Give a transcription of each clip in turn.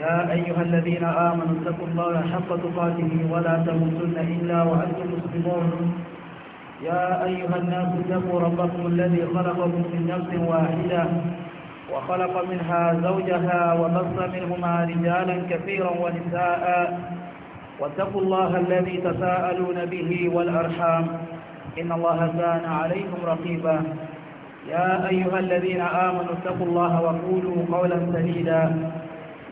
يا أيها الذين آمنوا اتقوا الله حق تقاته ولا تموتن إلا وأنتم مسلمون يا أيها الناس اتقوا ربكم الذي خلقكم من نفس واحدة وخلق منها زوجها وبص منهما رجالا كثيرا ونساء واتقوا الله الذي تساءلون به والأرحام إن الله كان عليكم رقيبا يا أيها الذين آمنوا اتقوا الله وقولوا قولا سديدا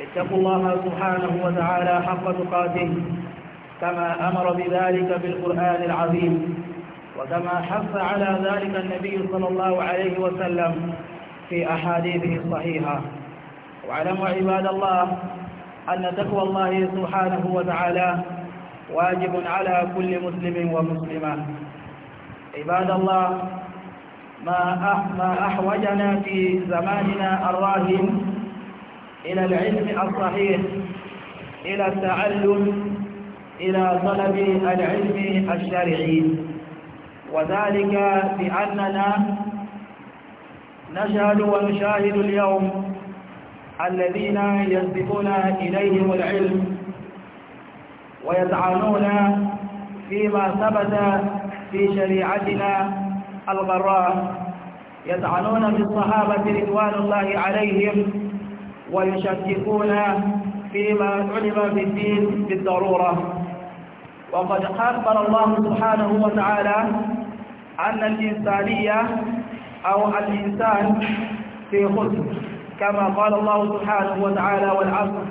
اتقوا الله سبحانه وتعالى حق تقاته كما أمر بذلك بالقرآن العظيم وكما حث على ذلك النبي صلى الله عليه وسلم في أحاديثه الصحيحة واعلموا عباد الله أن تقوى الله سبحانه وتعالى واجب على كل مسلم ومسلمة عباد الله ما ما أحوجنا في زماننا الراهن إلى العلم الصحيح إلى التعلم إلى طلب العلم الشرعي وذلك بأننا نشهد ونشاهد اليوم الذين يسبقون إليهم العلم ويطعنون فيما ثبت في شريعتنا الغراء يطعنون بالصحابة رضوان الله عليهم ويشككون فيما علم في الدين بالضرورة وقد أخبر الله سبحانه وتعالى أن الإنسانية أو الإنسان في خسر كما قال الله سبحانه وتعالى والعصر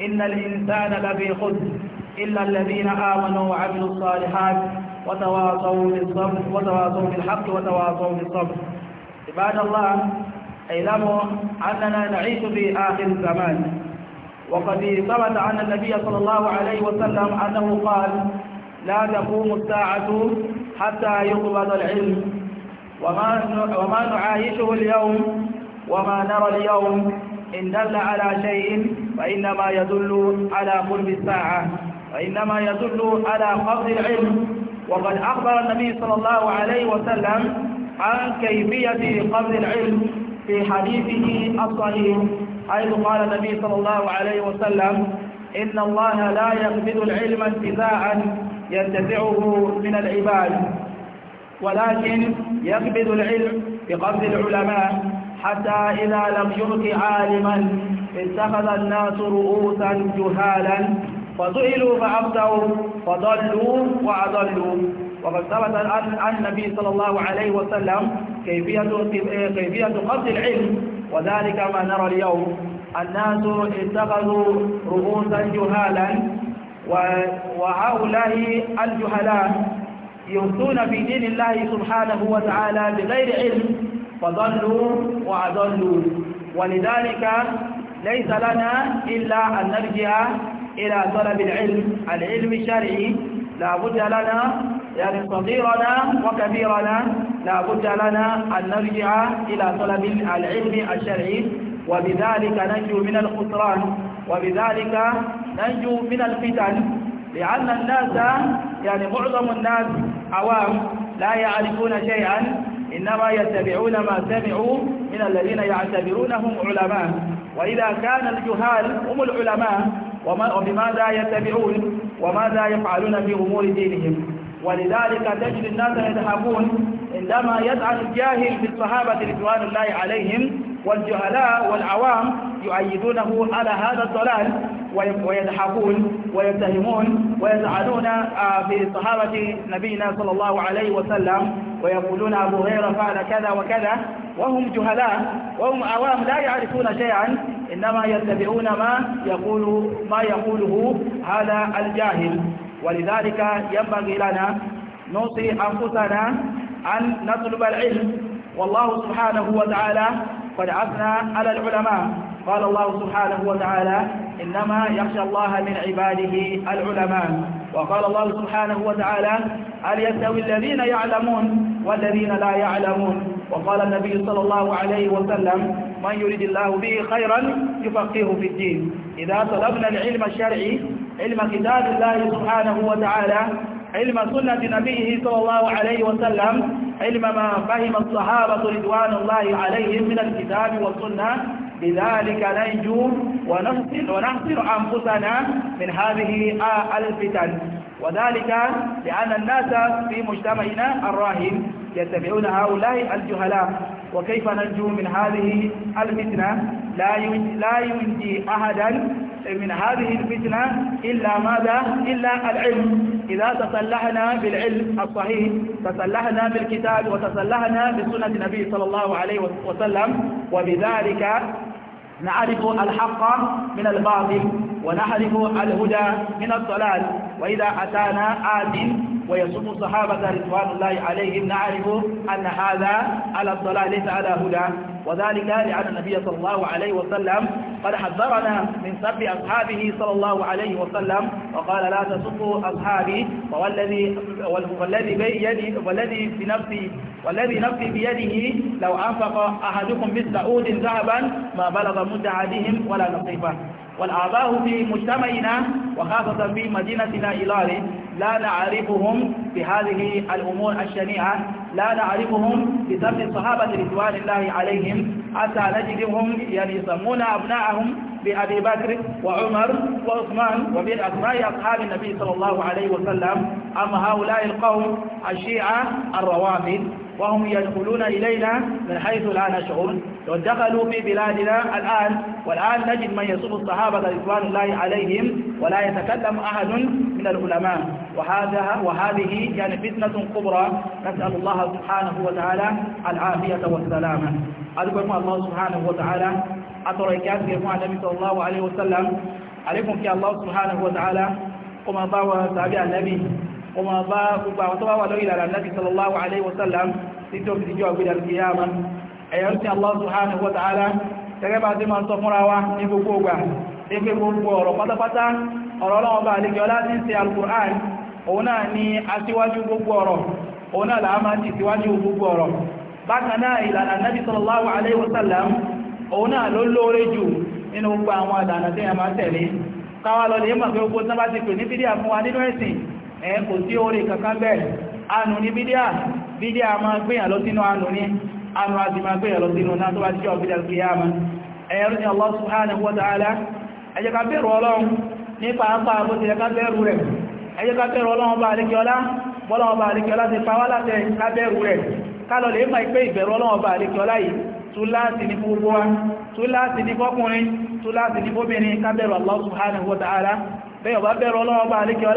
إن الإنسان لفي خسر إلا الذين آمنوا وعملوا الصالحات وتواصوا بالصبر وتواصوا بالحق وتواصوا بالصبر عباد الله اعلموا أننا نعيش في آخر الزمان وقد ثبت عن النبي صلى الله عليه وسلم أنه قال لا تقوم الساعة حتى يقبض العلم وما وما نعايشه اليوم وما نرى اليوم إن دل على شيء فإنما يدل على قرب الساعة وإنما يدل على قبض العلم وقد أخبر النبي صلى الله عليه وسلم عن كيفية قبض العلم في حديثه الصحيح حيث قال النبي صلى الله عليه وسلم إن الله لا يقبض العلم انتزاعا ينتزعه من العباد ولكن يقبض العلم بقبض العلماء حتى إذا لم يبق عالما اتخذ الناس رؤوسا جهالا فضئلوا فأبدوا فضلوا وأضلوا وقد ثبت عن النبي صلى الله عليه وسلم كيفية آه، كيفية قصد العلم وذلك ما نرى اليوم الناس اتخذوا رؤوسا جهالا وهؤلاء الجهلاء يفتون في دين الله سبحانه وتعالى بغير علم فضلوا وأضلوا ولذلك ليس لنا إلا أن نرجع إلى طلب العلم العلم الشرعي لا بد لنا يعني صغيرنا وكبيرنا لا بد لنا أن نرجع إلى طلب العلم الشرعي وبذلك ننجو من الخسران وبذلك ننجو من الفتن لأن الناس يعني معظم الناس عوام لا يعرفون شيئا إنما يتبعون ما سمعوا من الذين يعتبرونهم علماء وإذا كان الجهال هم العلماء وبماذا يتبعون وماذا يفعلون في أمور دينهم ولذلك تجد الناس يذهبون عندما يزعل الجاهل بالصحابة رضوان الله عليهم والجهلاء والعوام يؤيدونه على هذا الضلال ويضحكون ويتهمون ويزعلون بصحابة آه، نبينا صلى الله عليه وسلم ويقولون أبو هريرة فعل كذا وكذا وهم جهلاء وهم عوام لا يعرفون شيئا إنما يتبعون ما يقول ما يقوله هذا الجاهل ولذلك ينبغي لنا نوصي أنفسنا أن نطلب العلم والله سبحانه وتعالى قد عثنا على العلماء قال الله سبحانه وتعالى إنما يخشى الله من عباده العلماء وقال الله سبحانه وتعالى هل يستوي الذين يعلمون والذين لا يعلمون وقال النبي صلى الله عليه وسلم من يريد الله به خيرا يفقهه في الدين إذا طلبنا العلم الشرعي علم كتاب الله سبحانه وتعالى علم سنة نبيه صلى الله عليه وسلم علم ما فهم الصحابة رضوان الله عليهم من الكتاب والسنة بذلك ننجو ونحصر, ونحصر أنفسنا من هذه الفتن وذلك لأن الناس في مجتمعنا الراهن يتبعون هؤلاء الجهلاء وكيف ننجو من هذه الفتنة لا ينجي أحدا من هذه الفتنة إلا ماذا إلا العلم إذا تصلحنا بالعلم الصحيح تصلحنا بالكتاب وتصلحنا بسنة النبي صلى الله عليه وسلم وبذلك نعرف الحق من الباطل ونعرف الهدى من الضلال وإذا أتانا آت ويصم الصحابة رضوان الله عليهم نعرف أن هذا على الضلال ليس على هدى وذلك لأن النبي صلى الله عليه وسلم قد حذرنا من سب أصحابه صلى الله عليه وسلم وقال لا تسبوا أصحابي والذي والذي بيدي والذي بنفسي والذي نفسي بيده لو أنفق أحدكم مثل أود ذهبا ما بلغ مد عليهم ولا نصيفا والآباء في مجتمعنا وخاصة في مدينتنا إلالي لا نعرفهم بهذه الأمور الشنيعة لا نعرفهم بسبب الصحابة رضوان الله عليهم حتى نجدهم يعني يسمون أبناءهم بأبي بكر وعمر وعثمان ومن أسماء أصحاب النبي صلى الله عليه وسلم أما هؤلاء القوم الشيعة الروافد وهم يدخلون إلينا من حيث لا نشعرون ودخلوا في بلادنا الآن والآن نجد من يصف الصحابة رضوان الله عليهم ولا يتكلم أحد من العلماء وهذا وهذه يعني فتنة كبرى نسأل الله سبحانه وتعالى العافية والسلامة أذكركم الله سبحانه وتعالى أتركات كما النبي صلى الله عليه وسلم عليكم في الله سبحانه وتعالى وما ضاوى تابع النبي kó máa bá gbogbo àwọn tó bá wà lórí ìlànà Nabi sallallahu alaihi wasallam tí tó fi dijọ́ àgbéjà lókè yá ma ẹ̀yọ́ ti Allah subhanahu wa ta'ala gẹ́gẹ́ bá ti máa sọ fúnra wa ní gbogbo ògbà ní pé gbogbo ọ̀rọ̀ pátápátá ọ̀rọ̀ ọlọ́wọ́ bá àlejò ọlá ti ń ṣe al-Qur'an òun náà ni aṣíwájú gbogbo ọ̀rọ̀ òun náà làá máa ti síwájú ẹ̀ kò sí orí kankan bẹ́ẹ̀ anù ní bídíà bídíà máa gbéyàn lọ sínú anù ní anù àti máa gbéyàn lọ sínú náà tó bá jẹ́ ọ̀bídà kìyàmà ẹ̀rù ni Allah subhanahu wa ta'ala ẹ jẹ́ ká bẹ̀rù ọlọ́run ní pàápàá bó ti lẹ́ká bẹ̀rù rẹ̀ ẹ jẹ́ ká bẹ̀rù ọlọ́run bá àríkíọlá bọ́lọ́run bá àríkíọlá ti pa wá láti ká bẹ̀rù rẹ̀ kálọ̀ lè máa pé ìbẹ̀rù ọlọ́run bá àríkíọlá yìí túláàsì ní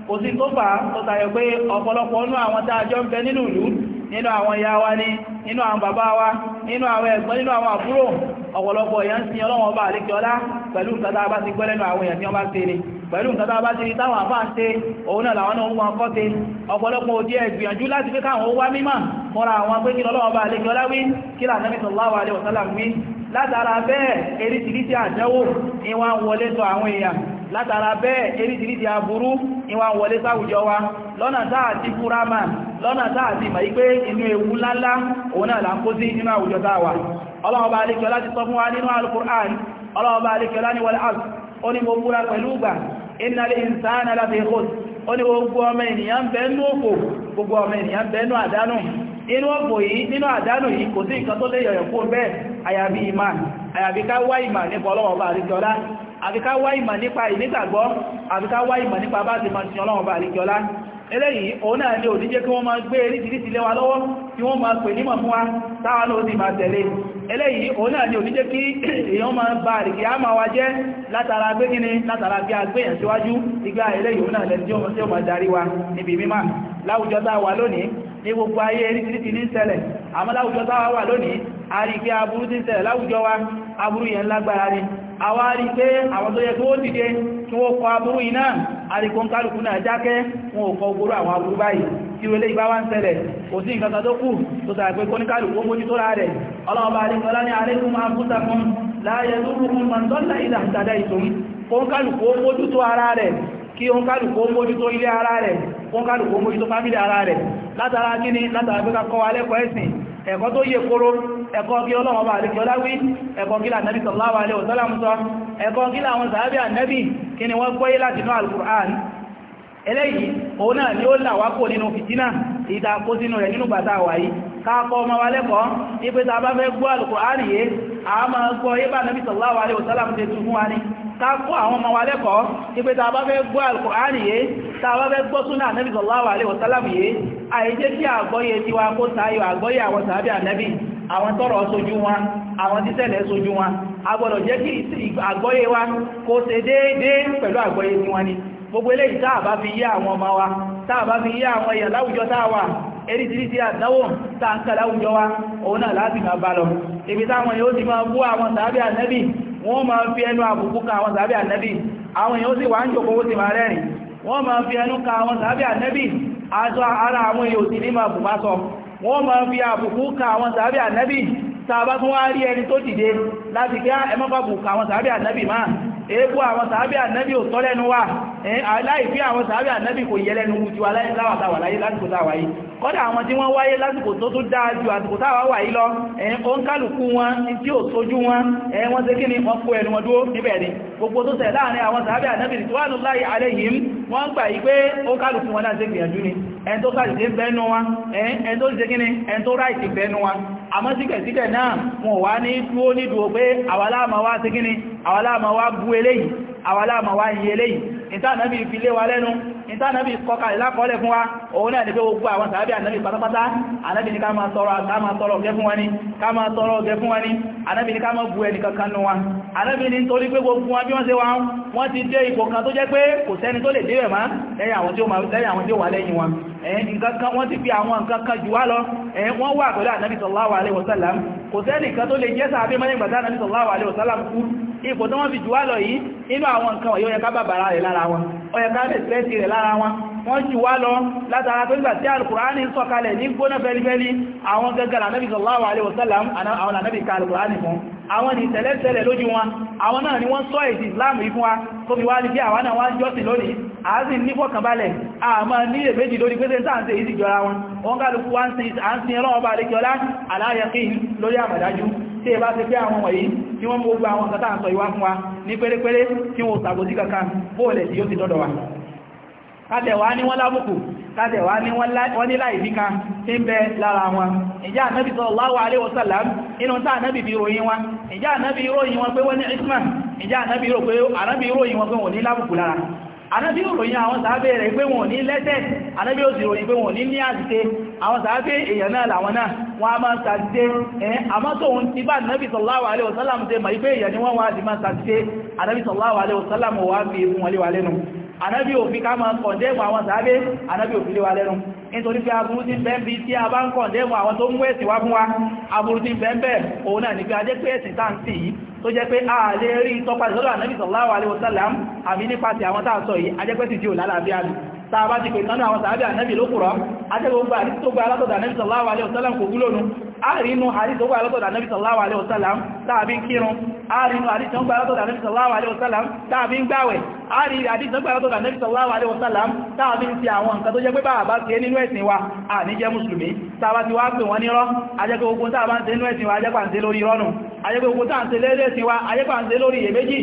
kò sí tó fà tó tayọ pé ọ̀pọ̀lọpọ̀ nínú àwọn tààjọ́ ń bẹ nínú ìlú nínú àwọn ìyá wa ní nínú àwọn bàbá wa nínú àwọn ẹ̀gbọ́n nínú àwọn àbúrò ọ̀pọ̀lọpọ̀ èèyàn sí ọlọ́wọ́n bá pẹ̀lú nǹkan a bá ti gbọ́ lẹ́nu àwọn èèyàn tí wọ́n bá ṣe ni pẹ̀lú nǹkan tá a bá ti rí táwọn àfáà ṣe òun náà làwọn náà ń wọn kọ́ ṣe ọ̀pọ̀lọpọ̀ òdí ẹ̀gbìyànjú láti pé káwọn alaihi wasallam wí látara bẹ́ẹ̀ eríṣiríṣi àjẹ́wò ni wọ́n wọlé látara bẹ́ẹ̀ eríṣìíríṣìí aburú ìwà wọlé sáwùjọ wa lọ́nà táà ti fúra ma lọ́nà táà ti mọ̀ ipé inú ewu lálá òun náà là ń kó sí nínú àwùjọ táwà ọlọ́ọ̀bá alékẹ́lá ti sọ fún wa nínú alukur'an ọlọ́ọ̀bá alékẹ́lá ni wal asr ó ní mo búra pẹ̀lú ìgbà innal insana lafi khusr ó ní gbogbo ọmọ ènìyàn bẹ́ẹ̀nú òkò gbogbo ọmọ ènìyàn bẹ́ẹ̀nú àdánù inú ọ̀pọ̀ yìí nínú àdánù yìí kò sí àfi ká wá ìmọ̀ nípa ìnígbàgbọ́ àfi ká wá ìmọ̀ nípa bá ti mọ̀ sí ọlọ́run bá àlejò ọlá eléyìí òun náà ní òdíjẹ́ kí wọ́n máa gbé eríṣìíríṣì lẹ́wà lọ́wọ́ tí wọ́n máa pè ní mọ̀fún wa táwọn ló sì máa tẹ̀lé eléyìí òun náà ní òdíjẹ́ kí èèyàn máa bá àríkì á máa wá jẹ́ látara gbé kíni látara bí agbéyàn síwájú igbá eléyìí òun náà lẹ́ni wa níbi mímá láwùjọ tá a wà lónìí ní gbogbo ayé eríṣìíríṣì ní ṣẹlẹ̀ kí wọ́n kọ aburú iná àríkọ́ kálùkù náà jákẹ́ wọn ò kọ ogoro àwọn aburú báyìí tí ó lé ìbá wá ń ṣẹlẹ̀ kò sí nǹkan kan tó kù tó tàbí kó ní kálùkù ó mójú tó rà rẹ̀ ọlọ́ọ̀bá àríkọ́lá ní àríkùn máa fún takun láàyẹ̀ lórúkún mọ̀ndọ́lá ìlà ìtàdá ìtòrí kó ń kálùkù ó mójú ẹ̀kọ́ tó yẹ kóró ẹ̀kọ́ kí ọlọ́wọ́ bá àríkẹ́ ọláwí ẹ̀kọ́ kí lànàbí sallallahu alaihi wasallam sọ ẹ̀kọ́ kí làwọn sàábí ànàbí kí ni wọ́n gbọ́yé láti inú ni ó là wá kò nínú fìtínà ìdàkó sínú káàkọ́ ọmọ wa lẹ́kọ̀ọ́ ipé ta bá fẹ́ gbọ́ Al-Qur'ani a máa gbọ́ yípa nàbí sallallahu alaihi wasallam ti tún fún wa ní káàkọ́ àwọn ọmọ wa lẹ́kọ̀ọ́ ipé ta bá fẹ́ gbọ́ Al-Qur'ani ta bá fẹ́ gbọ́ súnà nàbí sallallahu alaihi wasallam yé àìjẹ́ sí àgbọ́yé tiwa kó tayọ àgbọ́yé àwọn sàábì ànẹ́bì àwọn tọ́rọ sojú wọn àwọn títẹ̀lẹ̀ sojú wọn agbọ́dọ̀ jẹ́ kí àgbọ́yé wa kó ṣe déédéé pẹ̀lú àgbọ́yé tiwọn ni gbogbo eléyìí tá fi yé àwọn ọmọ wa tá fi yé àwọn èèyàn láwùjọ tá eríṣiríṣi àdáwò tàǹkà láwùjọ wa òun náà láti máa bá lọ ibi táwọn yóò ti máa bú àwọn tàbí ànẹ́bì wọ́n máa fi ẹnu àbùkù ka àwọn tàbí ànẹ́bì àwọn èèyàn sì wá ń jòkó ó sì máa rẹ́rìn wọ́n máa fi ẹnu ka àwọn tàbí ànẹ́bì aṣọ ara àwọn èèyàn sì ní máa bù bá sọ wọ́n máa fi àbùkù ka àwọn tàbí ànẹ́bì tàbá tún wá rí ẹni tó dìde láti kí ah, ẹmọ́fàbù àwọn sàábí ànábì máa èébú àwọn sàábí ànábì ò tọ́lẹ́nu wà láìfí àwọn sàábí ànábì kò yẹ lẹ́nu ju aláìláwàtàwà láyé lásìkò táwàáyé kọ́dà àwọn tí wọ́n wáyé lásìkò tó tún dáa ju àsìkò táwà wà yìí lọ o ń kálùkù wọn tí ò sójú wọn wọ́n ṣe kí ni wọ́n kó ẹnu wọn dúró níbẹ̀ ni gbogbo tó ṣẹlẹ̀ láàrin àwọn sàábí ànábì tí wọ́n láyé aléyìn wọ́n gbà yí pé ó kálùkù wọn náà ṣe gbìyànjú ni ẹn tó kálùkù bẹ́nu wọn ẹn tó ṣe kí ni ẹn tó ráìtì bẹ́nu wọn àmọ́ síkẹ̀síkẹ̀ náà wọn wá ní dúó nídùú pé àwàláàmà wá sí kíni àwàláàmà wá bú eléyìí àwàláàmà wá yí eléyìí ìtànàbí ìfilé wa lẹ́nu ìtànàbí kọka ìlákọọ́lẹ̀ fún wa òun náà ni pé gbogbo àwọn sàábí ànábì pátápátá ànábì ni ká máa tọrọ ọ̀gẹ́ fún wa ní ká máa tọrọ ọ̀gẹ́ fún wa ní ànábì ni ká máa bu ẹnì kankan nù wa ànábì ni nítorí pé gbogbo wọn bí wọ́n ṣe wá wọ́n ti dé ipò kan tó jẹ́ pé kò sẹ́ni tó lè débẹ̀ má lẹ́yìn àwọn tí ó wà lẹ́yìn wọn ẹ̀yìn nǹkan wọ́n ti fi àwọn nǹkan kan jù wá lọ ẹ̀yìn wọ́n wà pẹ̀lú ànábì sallallahu alaihi wasallam kò sẹ́ni kan tó lè jẹ́ sàábí mọ́ ipò tó wọ́n fi jù wá lọ yìí inú àwọn nǹkan ó yẹ ká bàbàrà rẹ̀ lára wọn ó yẹ ká rẹ̀ sẹ́ẹ̀tì rẹ̀ lára wọn wọ́n jù wá lọ látara tó nígbà tí alkùránì sọ̀kalẹ̀ ní gbóná fẹ́lifẹ́li àwọn gẹ́gẹ́rẹ́ anábì sallallahu alaihi wasallam àwọn anábì ka alkùránì fún àwọn ni tẹ̀lẹ́tẹ̀lẹ̀ lójú wọn àwọn náà ni wọ́n sọ èdè islam ìfún wa tó fi wá ní bí àwọn náà wá ń jọ́sìn lónìí àásì ní fọ́kànbalẹ̀ àmà ní èméjì lórí pé tẹ́ntàǹtẹ̀ ìsìjọra wọn wọ́n kálùkú wá ń sin ẹlọ́wọ́ bá alékiọlá aláyẹ̀kí lórí àmàdájú tí ẹ bá ti pé àwọn wọ̀nyí tí wọ́n mú gbogbo àwọn kátà ń sọ ìwá fún wa ní pérépéré tí wọ́n sàgbòsí kankan bóòlẹ̀ tí yóò ti dọ́dọ̀ wa kátẹ̀wá ní wọ́n lábùkù kátẹ̀wá ní wọ́n ní láì bíká tí ń bẹ lára wọn ìjá ànábì sallallahu alaihi wasallam inú tá ànábì fi ròyìn wọn ìjá ànábì ròyìn wọn pé wọ́n ní isma ìjá ànábì ròyìn wọn pé wọ́n ní lábùkù lára ànábì ròyìn àwọn sàábé rẹ̀ pé wọn ò ní lẹ́tẹ̀ ànábì ò sì ròyìn pé wọn ò ní ní àṣìṣe àwọn sàábé èèyàn náà làwọn náà wọ́n a máa ṣàṣìṣe ẹ̀ àmọ́ tóun ti bá ànábì sallallahu alaihi wasallam ṣe mọ̀ ipé èèyàn ni wọ́n wá sí máa ṣàṣìṣe ànábì sallallahu alaihi wasallam wà fi fún wọlé wà lẹ́nu anábí òfin ká máa kọ̀ndẹ́mù àwọn sàábé anábí òfin lé wa lẹ́nu nítorí pé aburú ti bẹ́ẹ̀ bí tí a bá ń kọ̀ndẹ́mù àwọn tó ń mú ẹ̀sìn wá fún wa aburú ti bẹ́ẹ̀ bẹ́ẹ̀ òun náà ní pé ajẹ́ pé jẹ́ pé a lè rí tọ́pàá ìsọ́lọ́ ànábì sallallahu alaihi wasallam àmì nípasẹ̀ àwọn tá a sọ yìí ajẹ́ pé sì ti ò lálàáfíà tàbá ti pè tánú àwọn sàábẹ̀ àrínú àríṣẹ́ ogbà alátọ̀dà Ànábì sallallahu alaihi wasallam tàbí kírun àrínú àríṣẹ́ ogbà alátọ̀dà Ànábì sallallahu alaihi wasallam tàbí gbàwẹ̀ àrí àríṣẹ́ ogbà alátọ̀dà Ànábì sallallahu alaihi wasallam tàbí ti àwọn nǹkan tó jẹ́ pé bàbá ti nínú ẹ̀sìn wa à ní jẹ́ mùsùlùmí tàbá ti wá pè wọ́n ní rọ́ ajẹ́gbẹ́ ogun tàbá ń ṣe nínú ẹ̀sìn wa ajẹ́pà ń ṣe lórí rọ́nù ayẹ́gbẹ́ ogun tàà ń ṣe lẹ́rẹ́ ẹ̀sìn wa ayẹ́pà ń ṣe lórí iyèméjì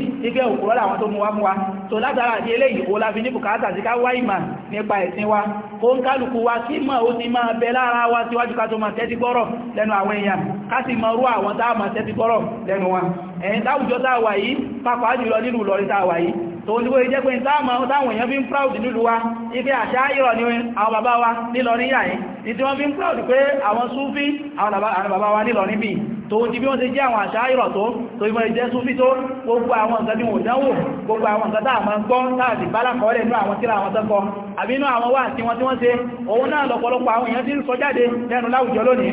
lẹ́nu àwọn èèyàn kásì mọ rú àwọn táàmà tẹ́tí gbọ́rọ̀ lẹ́nu wọn ẹ̀yìn táwùjọ táwà yìí pàpàá jùlọ nílùú lọrin táwà yìí tó ní kó jẹ́ pé táwọn èèyàn fi ń proud nílùú wa ipé àṣà ìrọ̀ ni àwọn bàbá wa nílọrin yàí ní tí wọ́n fi ń proud pé àwọn súfí àwọn bàbá wa nílọrin bí tó ti bí wọ́n ti jẹ́ àwọn àṣà ìrọ̀ tó tó ìmọ̀ ìjẹ́ súfí tó gbogbo àwọn nǹkan tí wọ́n dánwò gbogbo àwọn nǹkan táà máa ń gbọ́ láti bálákọ̀ọ́lẹ̀ nínú àwọn tíra àwọn tọ́kọ àbínú àwọn wà tí wọ́n tí wọ́n ṣe òun náà lọ́pọ̀lọpọ̀ àwọn èèyàn ti ń sọ jáde lẹ́nu láwùjọ lónìí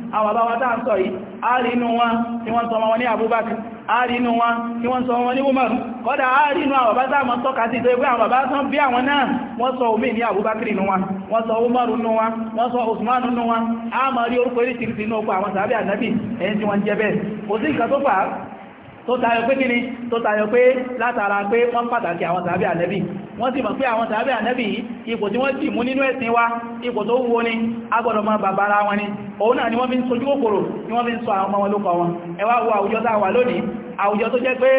àwọn bàbá tá ń sọ yìí àárínú wọn tí wọ́n sọmọ wọn ní Abubakar àárínú wọn tí wọ́n sọmọ wọn ní Umaru kọ́dà àárínú àwọn bàbá tá mọ́ tọ́ka sí pé àwọn bàbá tán bí àwọn náà sọ Abubakar wọn sọ Umaru wọn sọ a tó tayọ pé kíni tó tayọ pé látara pé wọ́n pàtàkì àwọn tàbí ànẹ́bì wọ́n sì mọ̀ pé àwọn tàbí ànẹ́bì ipò tí wọ́n sì mú nínú ẹ̀sìn wa ipò tó wúwo ni agbọ́dọ̀ máa bàbára wọn ni òun náà ni wọ́n fi ń sojú kòkòrò ni wọ́n fi ń sọ àwọn ọmọ wọn lókọ wọn ẹ wá wo tá a wà lónìí àwùjọ tó jẹ́ pé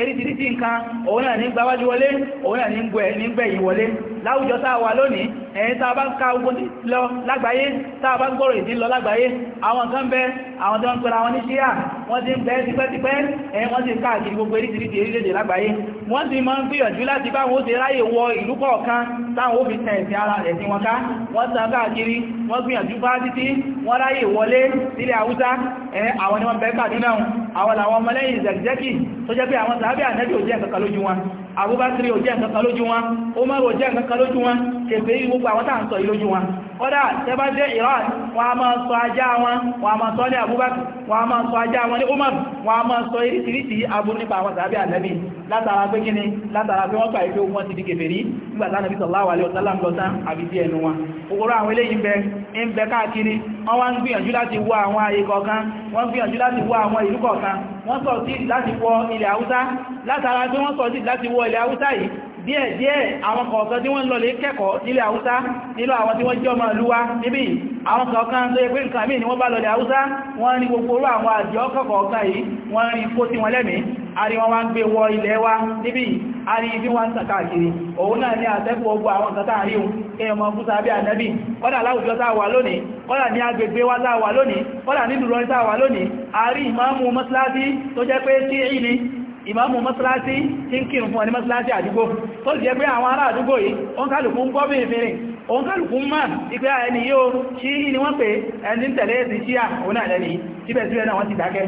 eríṣiríṣi nǹkan òun náà ní gbáwájú wọlé òun náà ní gbẹ̀yìn wọlé láwùjọ tá a wà lónìí ẹ̀yìn tá a bá ń ka ogun lọ lágbàáyé tá a bá ń gbọ́rọ̀ ìdí lọ lágbàáyé àwọn kan bẹ àwọn tó ń pẹ̀lú àwọn oníṣíà wọ́n ti ń bẹ tipẹ́tipẹ́ ẹ̀yìn wọ́n ti káàkiri gbogbo eríṣiríṣi eríṣiríṣi lágbàáyé wọ́n ti máa ń gbìyànjú láti bá wọn ó ti ráyè wọ ìlú kọ̀ọ̀kan táwọn ó fi tẹ̀ ẹ̀sìn ara ẹ̀sìn wọn ká wọ́n tàn káàkiri wọ́n gbìyànjú bá títí wọ́n ráyè wọlé sílẹ̀ ṣẹ́kì tó jẹ́ pé àwọn sàábẹ́ ànẹ́bí ò jẹ́ kankan lójú wọn Abubakar ò jẹ́ ǹkankan lójú wọn Umar ò jẹ́ ǹkankan lójú wọn kèfèé yìí gbogbo àwọn tàà ń sọ ìlójú wọn kódà tẹbá jẹ́ Iran wọn a máa sọ ajá wọn wọn a máa sọ ní Abubakar wọn a máa sọ ajá wọn ní Umar wọn a máa sọ irisirisi aburú nípa àwọn sàábí àlẹ́bí látara pé kíni látara pé wọ́n gbà ìfẹ́ ogun ti di kèfèrí nígbà tánà bí sallallahu alaihi wasallam lọ́tán àbí sí ẹnu wọn òkúrò àwọn eléyìí ń bẹ ń bẹ káàkiri wọ́n wá ń gbìyànjú láti wọ àwọn ààyè kọ̀ọ̀kan wọ́n gbìyànjú láti wọ àwọn ìlú kọ̀ọ̀kan wọ́n sọ sí láti wọ wọ ilẹ̀ haúsá yìí díẹ̀ díẹ̀ àwọn kọ̀ọ̀kan tí wọ́n lọlé kẹ́kọ̀ọ́ nílẹ̀ haúsá nílò àwọn tí wọ́n jẹ́ ọmọ ìlú níbi àwọn kọ̀ọ̀kan tó yẹ pé nǹkan mí ni wọ́n bá lọlẹ̀ haúsá wọ́n ní gbogbo orú àwọn àdìọ́ kọ̀ọ̀kan yìí wọ́n rí kó tí wọ́n lẹ́mìí àrí wọn wá ń gbé wọ ilẹ̀ wa níbi àrí ibi wá ń tàkàkiri òun náà ní àtẹ́kù ogun àwọn ǹkan tàà rí un kéèyàn mọ̀ fún sàábí ànẹ́bì kọ́dà láwùjọ táwà lónìí kọ́dà ní agbègbè wá táwà lónìí kọ́dà nílùú rọ́n táwà lónìí àrí ìmáàmù mọ́sálásí tó jẹ́ pé tí èyí ni ìmáàmù mọ́sálásí tí ń kírun fún wa ní mọ́sálásí àdúgbò tó jẹ́ pé àwọn ará àdúgbò yìí wọ́n kálùkù ń gbọ́ bí ìfìnrin òun kálùkù ń máa ipé ah, ẹni yóò ṣí ní wọ́n pé ẹni tẹ̀lé ti ṣíà òun náà lẹ́ni síbẹ̀síbẹ̀ náà wọ́n ti dákẹ́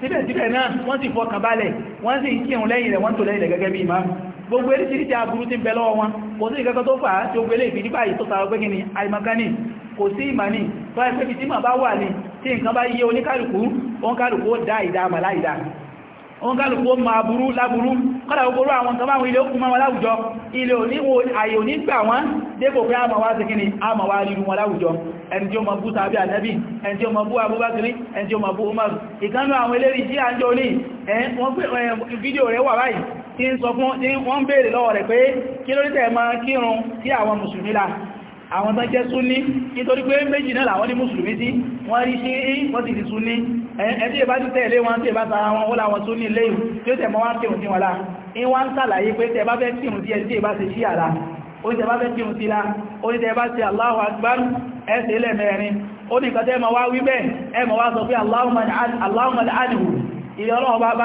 síbẹ̀síbẹ̀ náà wọ́n sì fọkàn balẹ̀ wọ́n sì kírun lẹ́yìn rẹ̀ wọ́n tó lẹ́yìn rẹ̀ gẹ́gẹ́ bí ìmáàmù gbogbo eréṣìíríṣìí aburú ti ń bẹ lọ́wọ́ tí ó ni àìmọ̀kánì kò sí ìmàní tó ẹgbẹ́ fi tí mà bá wà ní òun kálùkú ó máa burú láburú kọ́dà gbogbo àwọn tọ́bá àwọn ilé òkú máa wọn láwùjọ ilé oníwò àyè onígbà wọn dépò pé àmà wá sí kí ni àmà wá ríru wọn láwùjọ ẹni tí ó ma bú tàbí ànẹ́bì ẹni tí ó ma bú abúbákiri ẹni tí ó ma bú Umar ìkánú àwọn eléri tí a ń jọ ní wọ́n pé fídíò rẹ̀ wà báyìí tí ń sọ fún wọ́n béèrè lọ́wọ́ rẹ̀ pé kí lórí tẹ̀ máa kírun sí àwọn mùsùlùmí la àwọn tó jẹ́ súnní nítorí pé méjì náà làwọn ní mùsùlùmí sí wọ́n rí sí wọ́n ti di súnní ẹ̀ẹ́dí ìbá ti tẹ̀lé wọn tí ìbá tara wọn ó láwọn súnní léyìn tí ó tẹ̀mọ́ wá kírùn sí wọn láà ní wọ́n ń sàlàyé pé tẹ̀bá fẹ́ kírùn sí ẹ̀ẹ́dí ìbá ti sí àrá ó tẹ̀bá fẹ́ kírùn sí la ó ní tẹ̀bá ti Allahu Akbar ẹ̀ẹ́sẹ̀ lẹ́mẹ̀rin ó ní nǹkan tẹ́ ma wá wí bẹ́ẹ̀ ẹ ma wá sọ pé Allahumma al'anhu ilẹ̀ ọlọ́run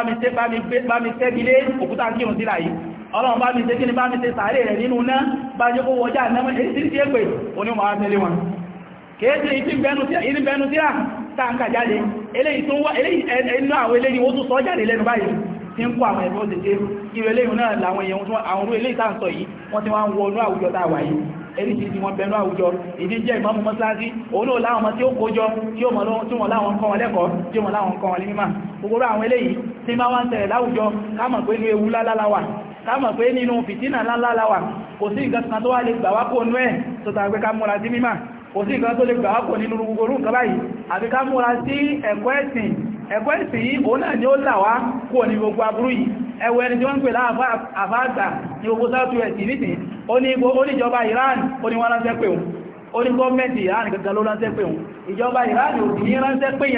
bá mi tẹ́bi lé òkúta kírùn sí láyìí ọlọ́run bá mi ṣe kí ni bá mi ṣe sàárè rẹ̀ nínú náà bá jẹ́ kó wọjá àdámọ́ èyí sí sí èpè oní ọmọ àtẹ́lé wọn kéèsì ìtí bẹnu sí à táǹkà jáde eléyìí tó wá eléyìí àwọn eléyìí ó tún sọ jáde lẹ́nu báyìí tí ń kó àwọn ẹ̀fọ́ tètè irú eléyìí náà làwọn èèyàn tó àwọn orú eléyìí tàǹsọ̀ yìí wọ́n ti wá ń wọnú àwùjọ tá a wà yìí èyí tí wọ́n bẹnu àwùjọ ìdí jẹ́ ìmọ́mù mọ́sálásí òun náà láwọn ọmọ tí ó kójọ tí ó mọ̀ láwọn kọ́ wọn lẹ́kọ̀ọ́ tí wọ́n láwọn kọ́ wọn ní mímọ̀ gbogbo àwọn eléyìí tí máa wá ń tẹ̀lẹ̀ láwùjọ ká mọ̀ pé inú ewu lálálá káàmọ̀ pé nínú fìtínà lálálàwà kò sí nǹkan kan tó wá lè gbàwápò nú ẹ̀ tó tàbí ká múra sí mímà kò sí nǹkan tó lè gbàwápò nínú gbogbo orú nǹkan báyìí àbí ká múra sí ẹ̀kọ́ ẹ̀sìn ẹ̀kọ́ ẹ̀sìn yìí òun náà ni ó là wá kúrò ní gbogbo aburú yìí ẹwọ ẹni tí wọ́n ń pè láàfáàgbà ní gbogbo south west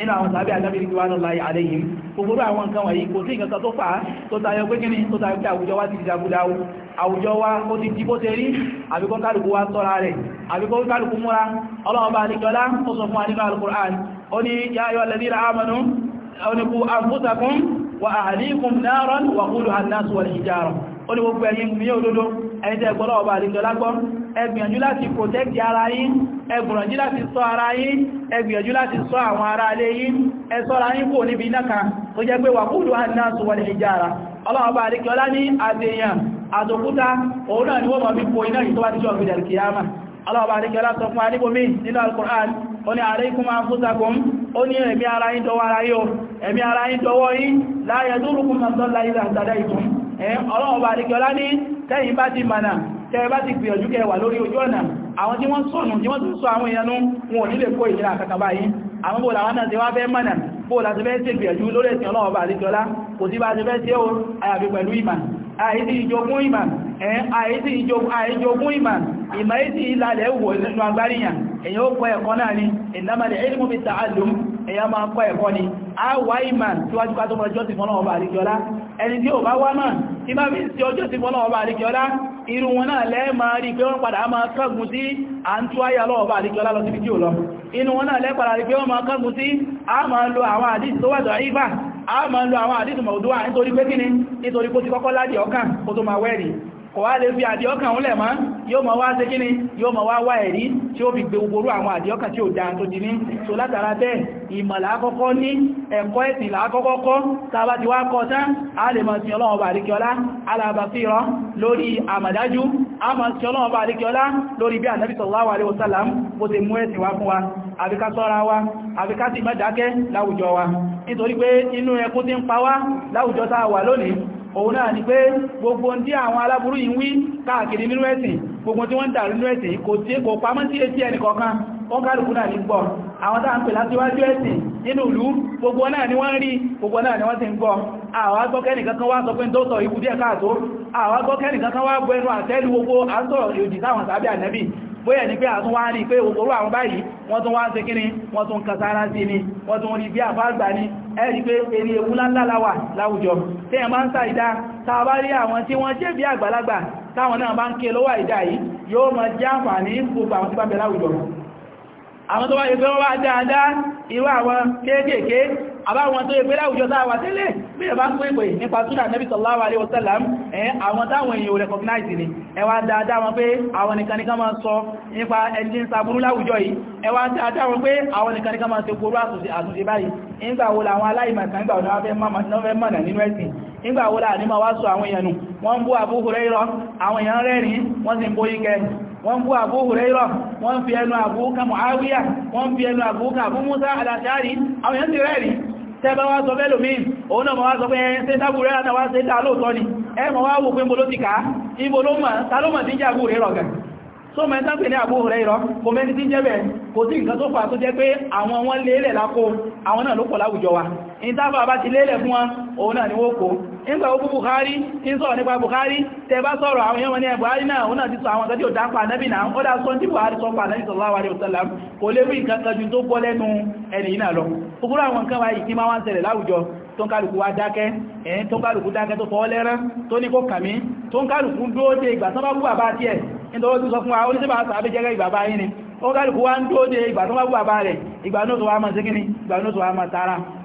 nínú àwọn tàbí àjábìrì tí wà ní láyé àlẹ́yìn gbogbo àwọn nǹkan wọ̀nyí kò sí nǹkan tó fà á tó tayọ pé kíní tó tayọ pé àwùjọ wa ti di dàbúdáwó àwùjọ wa ó ti di bó ṣe rí àbíkọ́ kálùkù wa tọ́ra rẹ̀ àbíkọ́ kálùkù múra ó ní gbogbo ẹ̀yin mú ní òdodo ẹni tẹ́ gbọ́lọ́ ọba àdíjọ lágbọ́ ẹ láti protect ara yín ẹ gbìyànjú láti ṣọ́ ara yín ẹ gbìyànjú láti ṣọ́ àwọn ará ilé yín ẹ ṣọ́ra yín kò níbi iná kan tó jẹ́ pé wàkúùdù an-nasu wal-hijara ọlọ́ọ̀bá àdíkẹ́ọlá ní àtẹ̀yàn àtòkúta òun náà ni wọ́n mọ̀ bí po iná yìí tó bá ti ṣọ́ ìgbìdẹ̀ kìyàmà ọlọ́ọ̀bá àdíkẹ́ọlá sọ fún alíbomi nínú al-Qur'an ó ní alaykum anfusakum ó ní ẹ̀mí ara yín dọwọ́ ara yín o ẹ̀mí ara yín ọlọ́run bá ríkẹ́ ọlá ní tẹ́yìn bá ti mànà tẹ́ bá ti gbìyànjú kẹ́ wà lórí ojú ọ̀nà àwọn tí wọ́n sọ̀nù tí wọ́n tún sọ àwọn èèyàn wọn ò nílè kó ìnira kàkàbáyé àwọn bóòlà wọn náà ti wá fẹ́ mànà bóòlà ti fẹ́ kò sí bá ti fẹ́ sí o àyàfi pẹ̀lú ìmà àìsí ìjogún ìmà àìsí ìjogún ìmà ìmà ìsí ìlàlẹ̀ wò nínú agbáríyàn èyàn ó kọ́ ẹ̀kọ́ náà ni ìnámàlẹ̀ ilmù bí tààlùm èyàn máa kọ ẹ̀kọ́ ni a wá ìmà síwájú ká tó mọ́ ọjọ́ ti fọ́nà ọba àríkíọlá ẹni tí bá wá tí ọba àríkíọlá irú wọn náà lẹ́ máa rí pé wọ́n padà máa sí à ọba àríkíọlá lọ sí fídíò lọ inú wọn a máa lo àwọn àdísù mọ̀dúwà nítorí pé kíni nítorí kó ti kọ́kọ́ láti ọkàn kó tó máa wẹ́rì kò wá lè fi àdíọ́kàn òun lẹ̀ mọ́ yóò máa wá ṣe kíni yóò máa wá wá ẹ̀rí tí ó fi gbé gbogbo àwọn àdíọ́kàn tí ó dáa tó jìní so látara bẹ́ẹ̀ ìmọ̀lá àkọ́kọ́ ní ẹ̀kọ́ ẹ̀sìn làákọ́kọ́ kọ́ tàbá ti wá kọ́ tán a lè mọ̀ sí ọlọ́run bàríkíọlá alábàfíìrọ lórí àmàdájú a mọ̀ sí ọlọ́run bàríkíọlá lórí bí ànábì sallallahu alaihi àbíká sọ́ra wa àbíká sì má dákẹ́ láwùjọ wa nítorí pé inú ẹkún tí ń pa wá láwùjọ tá a wà lónìí òun náà ni pé gbogbo tí àwọn aláburú yìí ń wí káàkiri nínú ẹ̀sìn gbogbo tí wọ́n ń dàrú nínú ẹ̀sìn kò tí kò pamọ́ sí etí ẹnìkọ̀ọ̀kan ó kálùkù náà ní gbọ́ àwọn tàà ń pè láti wájú ẹ̀sìn bóyẹ̀ ní pé àtún wá ní pé ògbòrò àwọn báyìí wọ́n tún wá ń ṣe kíní wọ́n tún kàtàrà sí ni wọ́n tún rí bí àfáàgbà ní ẹ̀rí pé eré ewu láńlá láwà láwùjọ tí ẹ̀ máa ń sa ìdá tàbá rí àwọn tí wọ́n jẹ́ bí àgbàlagbà táwọn náà bá ń ké lọ́wọ́ ìdá yìí yóò máa jẹ́ àǹfààní gbogbo àwọn tí bá bẹ láwùjọ àwọn tó bá yẹ pé wọ́n wá dáadáa ìwà àwọn kéékèèké àbáwọn tó yẹ pé láwùjọ sáwà tẹ́lẹ̀ bí ẹ bá ń pèpè nípa súnà nẹ́bí sallallahu alaihi wasallam ẹ àwọn táwọn èèyàn recognize ni ẹwà dáadáa wọn pé àwọn nìkanìkan máa sọ nípa ẹni ń sàbúrú láwùjọ yìí ẹwà dáadáa wọn pé àwọn nìkanìkan máa ṣe kóró àtúnṣe báyìí nígbàwó làwọn aláìmọ̀kan nígbàwó làwọn fẹ́ mọ̀nà nínú ẹ̀sìn nígbàwó làní ma wá sọ àwọn èèyàn nù wọ́n ń bú Abu Hurairah àwọn èèyàn rẹ́rìn-ín wọ́n sì ń bó wọ́n bú Abu Hurairah wọ́n fi ẹnu àbúkà Muawiya wọ́n fi ẹnu àbúkà Abu Musa al-Ash'ari àwọn èèyàn ti rẹ́rìí tẹ́bá wá sọ bẹ́lò míì òun náà wá sọ pé ṣe sábúrẹ́ àtàwà ṣe dá lóòtọ́ ni ẹ mọ̀ wá wò tó mẹ́ tán pè ní Abu Hurairah kò mẹ́ni tí jẹ́bẹ̀ kò sí nǹkan tó fà tó jẹ́ pé àwọn wọn lélẹ̀ lákó àwọn náà ló pọ̀ láwùjọ wa in tábà bá ti lélẹ̀ fún wọn òun náà ni wó kó nígbà ó bú Bukhari tí ń Bukhari tẹ bá sọ̀rọ̀ àwọn èèyàn wọn ní ẹ̀ Bukhari náà òun náà ti sọ àwọn ọ̀gá tí ó dápa nẹ́bì náà ó dá sọ́n tí Bukhari sọ pa nẹ́bì sallallahu alaihi wasallam kò lé fún nǹkan kan ju tó gbọ́ lẹ́nu ẹni náà lọ kúkúrú àwọn nǹkan wáyìí kí máa wá ń ṣẹlẹ̀ láwùjọ tó ń kálùkù wá dákẹ́ ẹ̀yìn tó ń kálùkù dákẹ́ tó fọ́ lẹ́rán tó ní kó kàmí tó ń kálùkù dúó dé ìgbà tán bá bú bàbá tí ẹ̀ nítorí tó sọ fún wa ó ní sí bá sàábé jẹ́gẹ́ ìgbàbá yìí ni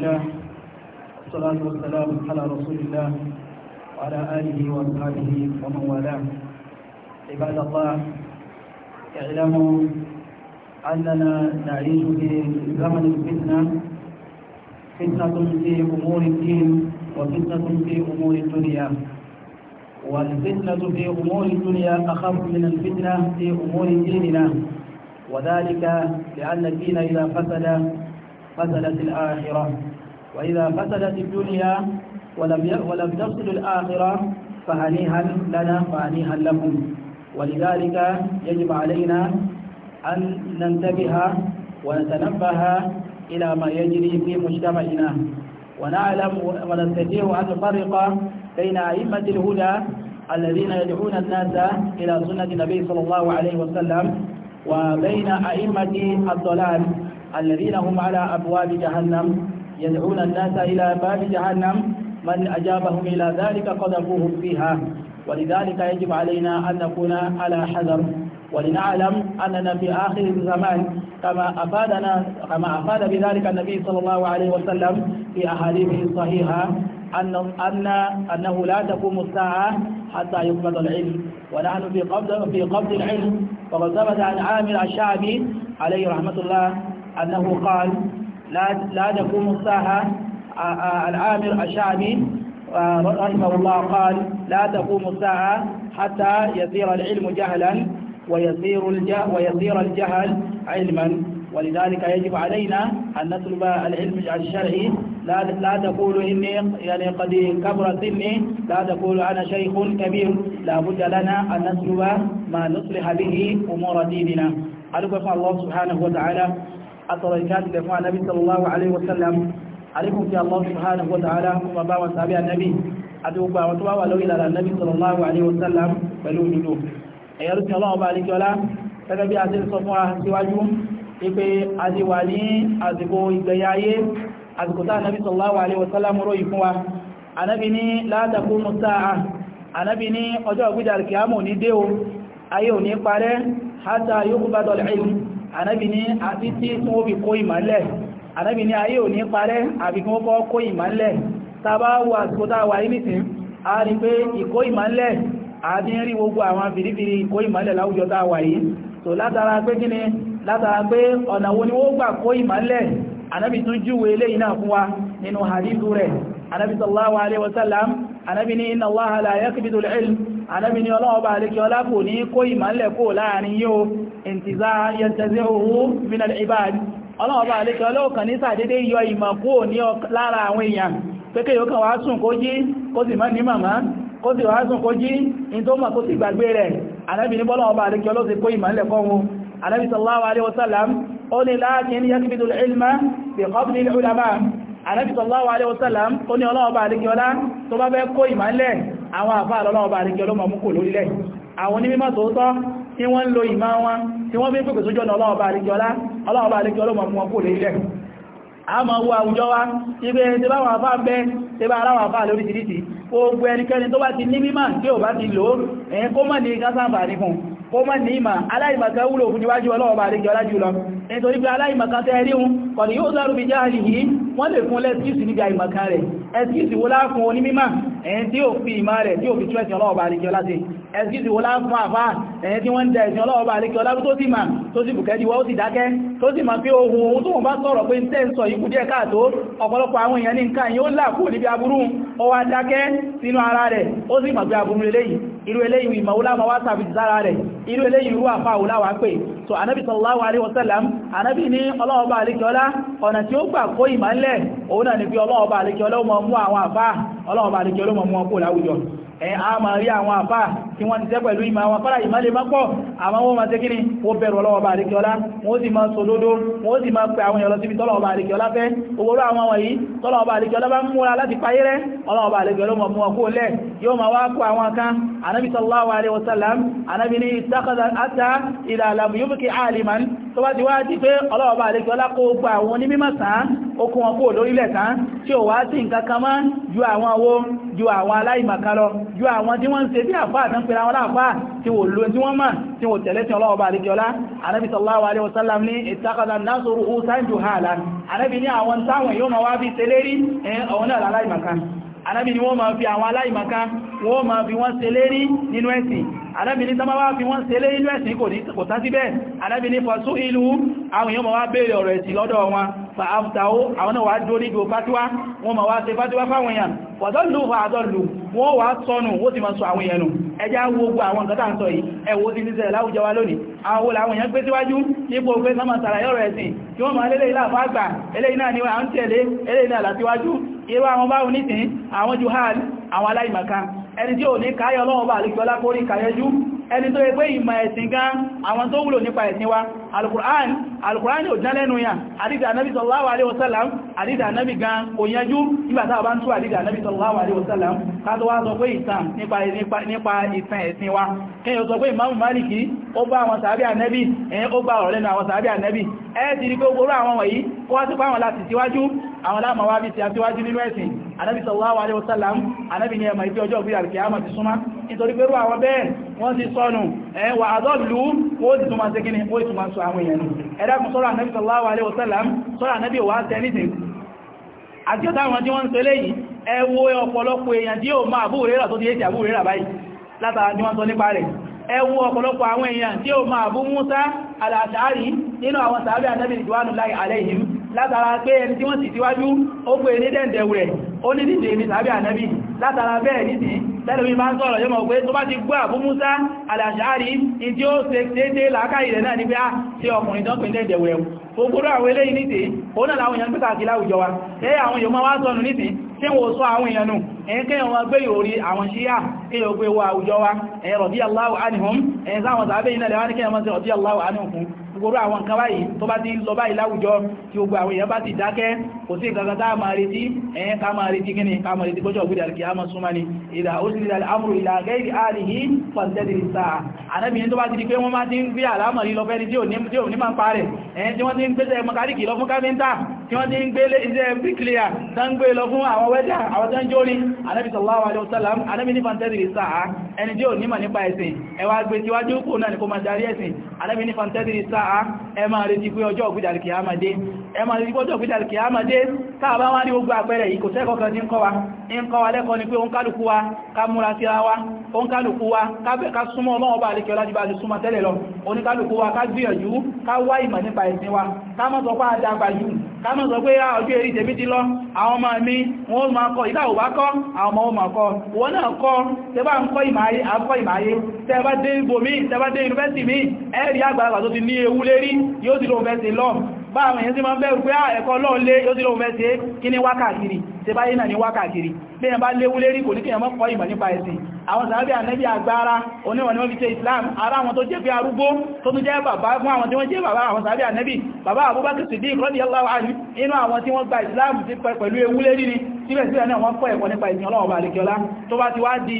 الله والصلاة والسلام على رسول الله وعلى آله وأصحابه ومن والاه عباد الله اعلموا أننا نعيش في زمن الفتنة فتنة في أمور الدين وفتنة في أمور الدنيا والفتنة في أمور الدنيا أخف من الفتنة في أمور ديننا وذلك لأن الدين إذا فسد فسدت الآخرة وإذا فسدت الدنيا ولم ولم تفسد الآخرة فهنيها لنا وهنيها لكم ولذلك يجب علينا أن ننتبه ونتنبه إلى ما يجري في مجتمعنا ونعلم ونستطيع أن نفرق بين أئمة الهدى الذين يدعون الناس إلى سنة النبي صلى الله عليه وسلم وبين أئمة الضلال الذين هم على أبواب جهنم يدعون الناس إلى باب جهنم من أجابهم إلى ذلك قذفوهم فيها ولذلك يجب علينا أن نكون على حذر ولنعلم أننا في آخر الزمان كما أفادنا كما أفاد بذلك النبي صلى الله عليه وسلم في أحاديثه الصحيحة أن أن أنه لا تقوم الساعة حتى يقبض العلم ونحن في قبض في قبض العلم وقد ثبت عن عامر الشعبي عليه رحمة الله أنه قال لا تقوم الساعة العامر الشعبي رحمه الله قال لا تقوم الساعة حتى يصير العلم جهلا ويصير الجهل, ويصير الجهل علما ولذلك يجب علينا أن نطلب العلم الشرعي لا لا تقول إني يعني قد كبر سني لا تقول أنا شيخ كبير لا بد لنا أن نطلب ما نصلح به أمور ديننا ألقى الله سبحانه وتعالى atọrọ ìkásílẹ̀ fún anábí sallallahu alaihi wasallam alékùn kí allah subhanahu wa ta'ala kuma bá wọn sàbí anábí àti gbogbo àwọn tó bá wà lórí ìlànà anábí sallallahu alaihi wasallam pẹ̀lú nínú ẹ̀yà rúfin ọlọ́run bá alékiọlá gẹ́gẹ́ bí a ti sọ fún wa síwájú wípé a ti wà ní àsìkò ìgbẹ̀yà ayé àsìkò tá anábí sallallahu alaihi wasallam ròyìn fún wa anábí ní la taqumu sa'a anábí ní ọjọ́ ìgbìjà alkiyama ò ayé ò ní parẹ́ yóò kú bá anábì ní àti tí tí wọ́n fi kó ìmọ̀lẹ̀ anábì ní ayé ò ní parẹ́ àbí kí wọ́n kọ́ kó ìmọ̀lẹ̀ tàbá wo àsìkò tá a wà nítìí a rí pé ìkó ìmọ̀lẹ̀ àti rí gbogbo àwọn fìdífìdí ìkó ìmọ̀lẹ̀ láwùjọ tá yìí so látara pé kí ni látara pé ọ̀nà wo ni wọ́n gbà kó ìmọ̀lẹ̀ anábì tún júwe eléyìí náà fún anábi ní inna Allaha la yakbidul ilm anábi ní ọlọ́ọ̀bá alékẹ́ ọlápò ní kó ìmọ̀lẹ̀ kó láàrin yóò intiza yantazi'uhu min al-ibad ọlọ́ọ̀bá alékẹ́ ọlọ́ọ̀kan ní sàdédé yọ ìmọ̀ kó ní lára àwọn èèyàn pẹ́kẹ́ yóò kàn wá sùn kó jí kó sì mọ́ ní màmá kó sì wá sùn kó jí in tó mọ̀ kó sì Ànábì sallallahu alaihi wasallam ó ní ọlọ́ọ̀bá àríkíọlá tó bá bẹ́ kó ìmálẹ̀ àwọn àfáà lọ́lọ́ọ̀bá àríkíọlá mọ̀ mú kò lórílẹ̀ àwọn onímọ̀ tòótọ́ tí wọ́n ń lo ìmá wọn tí wọ́n fi pèpè sójọ́nà ọlọ́ọ̀bá àríkíọlá ọlọ́ọ̀bá àríkíọlá mọ̀ mú wọn kò lórílẹ̀ àmà owó àwùjọ wa ibẹ̀ tí bá wà fáà bẹ́ tí bá ara wà fáà lórí tìrìtì gbogbo ẹnikẹ́ni tó bá ti ní mímọ̀ tí ò bá ti lò ẹ̀yìn kó mọ̀ ní kásánfà ní ìmà aláìmọ̀kan wúlò fún jíwájú ọlọ́ọ̀bà àríkẹ́ ọlájú lọ nítorí pé aláìmọ̀kan tẹ́ rí kọ̀dí yóò sáré bí jáàlì yìí wọ́n lè fún lẹ́sìkìsì níbi àìmọ̀kan rẹ̀ ẹ̀sìkìsì wó láàfún onímímà ẹ̀yìn tí ó fi ìmá rẹ̀ tí ó fi tún ọlọ́ọ̀bà àríkẹ́ ọlá sí ẹ̀sìkìsì wó láàfún àfá ẹ̀yìn tí wọ́n ń da ẹ̀sìn ọlọ́ọ̀bà àríkẹ́ ọlá tó sì mà tó sì bùkẹ́ diwọ́ ó sì dákẹ́ tó sì mà irú eléyìí ìmọ̀ oláwọ̀ wá tàbí zára rẹ̀ irú eléyìí irú àfà oláwà pé so anábi sallallahu alaihi wasallam anábi ni ọlọ́ọ̀bá alikiola ọ̀nà tí ó gbà kó ìmọ̀ ńlẹ̀ òun náà ni bí ọlọ́ọ̀bá alikiola mọ̀ mú àwọn àfà ọlọ́ọ̀bá alikiola mọ̀ mú ọkọ̀ láwùjọ a máa rí àwọn àfá tí wọ́n ti tẹ́ pẹ̀lú ìmọ̀ àwọn fọ́lá ìmọ̀ lè mọ́pọ̀ àwọn wọ́n máa tẹ́ kíni ó bẹ̀rù ọlọ́wọ́ bá àríkẹ́ọlá wọ́n sì máa sọ lódó wọ́n sì máa pẹ àwọn èèyàn lọ síbi tọ́lọ̀ọ̀bá àríkẹ́ọlá fẹ́ owóró àwọn wọ̀nyí tọ́lọ̀ọ̀bá àríkẹ́ọlá bá ń múra láti payé rẹ́ ọlọ́ọ̀bá àríkẹ́ọlá mọ̀ mú ọkú lẹ̀ yóò máa wá kó àwọn kan anábi sallallahu alaihi wasallam anábi ni ìtàkàdà àtà ìlàlàmù yóò fi àlìmán ju àwọn tí wọ́n ń ṣe bí àfáà tán pèrè àwọn àfáà tí wò lóun tí wọ́n mọ̀ tí wò tẹ̀lé tí ọlọ́ọ̀bà àríkẹ́ọlá anábi sallallahu alaihi wasallam ní ìtàkàdà násòrò ó sáájú hàlá anábi ní àwọn táwọn yóò máa wá bí tẹ́lérí ẹ̀ ọ̀hún náà láláìmọ̀kan anábi ni wọ́n máa fi àwọn aláìmọ̀kan wọ́n máa fi wọ́n tẹ́lérí nínú ẹ̀sìn alábìnrin tán bá wá fi wọ́n ṣẹlẹ̀ inú ẹ̀sìn kò tá sí bẹ́ẹ̀ alábìnrin fọ́ sún ìlú àwọn èèyàn ma wá béèrè ọ̀rọ̀ ẹ̀sìn lọ́dọ̀ wọn fa aftawo àwọn náà wá dó ní ìgbò fátíwá wọn ma wá ṣe fátíwá fáwọn èèyàn wàdọ́lù fàádọ́lù wọ́n wá sọnù ó ti ma sọ àwọn èèyàn nù ẹjá gbogbo àwọn nǹkan tàà ń sọ yìí ẹwọ́ ti ní ṣẹlẹ̀ láwùjọ wa lónìí àwọn olè àwọn èèyàn gbé síwájú nípo pé sánmà sàràyọ́rọ̀ ẹ̀sìn kí wọ́n ma lélẹ̀ ilá fàágbà eléyìí náà ni à ń tẹ̀lé eléyìí náà látíwájú irú àwọn báwọn nítìí àwọn juhal àwọn aláìmọ̀kan ẹni tí ò ní káyọ lọ́wọ́ bá àlíkọ́lá kórí kàyẹjú ẹni tó yẹ pé ìmọ̀ ẹ̀sìn gan àwọn tó wúlò nípa ẹ̀sìn wa alukur'an alukur'an ò jẹ́ lẹ́nu àdídà anábì sallallahu alaihi wasallam àdídà anábì gan kò yanjú nígbàtà bá ń tú alaihi wasallam káàtọ́ wá sọ pé ìtàn nípa ìtàn ẹ̀sìn wa kẹyọ sọ pé ìmáàmù Málìkì ó bá àwọn sàábí ànẹ́bì ẹ̀yẹn ó bá ọ̀rọ̀ lẹ́nu àwọn sàábí ànẹ́bì ẹ́ ti rí pé ogoro àwọn wọ̀nyí kó wá sí pé àwọn láti ti àtíwájú nínú ẹ̀sìn anábì sallallahu alaihi wasallam anábì ni ẹmà ìfẹ́ ọjọ́ ìgbìyànjú àmà ti súnmá nítorí pẹ̀lú àwọn bẹ́ẹ̀ wọ́n ti sọ́nù ẹ̀wà àdọ́lù ó ti túnmà sí kíní ó ti túnmà sọ àwọn èèyàn ẹ̀dàkùn sọ́rọ̀ ànábì sallallahu alaihi wasallam sọ́rọ̀ ànábì wà tẹ́lìsìn àti ọ̀táwọn tí wọ́n ń tẹ́lẹ̀ yìí ẹ wo ọ̀pọ̀lọpọ̀ èèyàn tí ó máa búrẹ́rà tó ti yé ti àbúrẹ́rà báyìí látara ni wọ́n sọ nípa rẹ̀ ẹ wo ọ̀pọ̀lọpọ̀ àwọn èèyàn tí ó máa bú Músá al-Ash'ari nínú àwọn sàábí ànábì ridwanullahi alaihim látara pé ẹni tí wọ́n sì síwájú ó pè ní dẹ̀ndẹ̀wù rẹ̀ ó ní dìde ní sàábí ànábì látara bẹ́ẹ̀ nìdí tẹ́lẹ̀mí bá ń sọ̀rọ̀ yóò mọ̀ pé tó bá ti gbọ́ Abu Musa al-Ash'ari tí ó ṣe déédé làákàyè rẹ̀ náà ní pé á ah, tí ọkùnrin tó pínlẹ̀ ìdẹ̀wẹ̀ ogoro àwọn eléyìí nítìí òun náà láwọn èèyàn pẹ́tàkì láwùjọ wa ẹ́ àwọn èèyàn máa wá sọnù nítìí tí wọ́n sọ àwọn èèyàn nù ẹ̀yìn kẹ́yàn wọn gbé ìhòrí àwọn ṣíyà kéyàn gbé wọ àwùjọ wa ẹ̀yìn radiyallahu anhum ẹ̀yìn sáwọn tàbí ìnàlẹ̀ wá ní kẹ́yàn mọ́ sí radiyallahu anhum gbogbo àwọn nǹkan báyìí tó bá ti lọ báyìí láwùjọ tí gbogbo àwọn èèyàn bá ti dákẹ́ kò sí nǹkan tá máa retí ẹ̀yẹn ká máa retí kíni ká máa retí gbọ́jọ̀ gbọ́jọ̀ kí a máa súnmọ́ ni ìdá ó sì nílẹ̀ amúrò ìlà gẹ́gẹ́ àríhí pọ̀tẹ́dìrì sáà anábìnrin tó bá ti di pé wọ́n máa ti ń gbé àlámọ̀rí lọ fẹ́ni tí ò ní máa ń parẹ̀ ẹ̀yẹn tí wọ́n ti ń gbéṣẹ́ mọ̀káríkì lọ fún káfíńtà tí wọ́n ti ń gbé iṣẹ́ bíkìlìyà tó ń gbé lọ fún àwọn wẹ́dà àwọn tó ń jó ní anábi sallallahu alaihi wasallam anábi ní fantẹ́dìrì sáà ẹni tí ò nímọ̀ nípa ẹ̀sìn ẹwà gbé tíwájú kò náà ní kó máa darí ẹ̀sìn anábi ní fantẹ́dìrì sáà sáà ẹ máa retí pé ọjọ́ ògbìdàlì kìámàdé ẹ máa retí pé ọjọ́ ògbìdàlì kìámàdé táà bá wá ní gbogbo àpẹẹrẹ yìí kò sẹ́kọ̀ọ́ kan tí ń kọ́ wa ń kọ́ wa lẹ́kọ́ ni pé ó ń ó ń kálùkú wa ká súnmọ́ ọlọ́wọ́ bá àríkẹ́ ọlájú bá ti súnmọ́ tẹ́lẹ̀ lọ oníkálùkú wa ká gbìyànjú ká wá ìmọ̀ nípa ẹ̀sìn wa ká mọ́ sọ pé àdàgbà jù ká mọ́ sọ pé ọjọ́ ah, èrí tèmi ti lọ àwọn ọmọ mi wọ́n máa kọ́ ìdá ò bá kọ́ àwọn ọmọ máa kọ́ wọ́n náà kọ́ tẹ bá ń kọ́ ìmáyé àkọ́ ìmáyé tẹ mi ẹ̀rí àgbàlagbà tó ti ní ewu lérí yóò ti lóun fẹ́ bá àwọn èyàn sí máa bẹ̀rù pé ah, ẹ̀kọ́ Ọlọ́run lé yóò sí lóun fẹ́ ṣe kí ní wákàkiri ṣe báyé náà ní wákàkiri bí ẹ̀yàn bá léwú lérí kò ní kí ẹ̀yàn mọ́ kọ́ ìmọ̀ nípa ẹ̀sìn àwọn sàábí ànẹ́bí agbára oníwọ̀n ni wọ́n fi ṣe Islam ara àwọn tó jẹ́ pé arúgbó tó tún jẹ́ bàbá fún àwọn tí wọ́n jẹ́ bàbá àwọn sàábí ànẹ́bí bàbá Abubakar Siddiq radiyallahu anhu inú àwọn tí wọ́n gba Islam ti pẹ̀lú ewu lérí ni síbẹ̀síbẹ̀ náà wọ́n kọ́ ẹ̀kọ́ nípa ìsìn ọlọ́ọ̀bà àlekíọlá tó bá ti wá di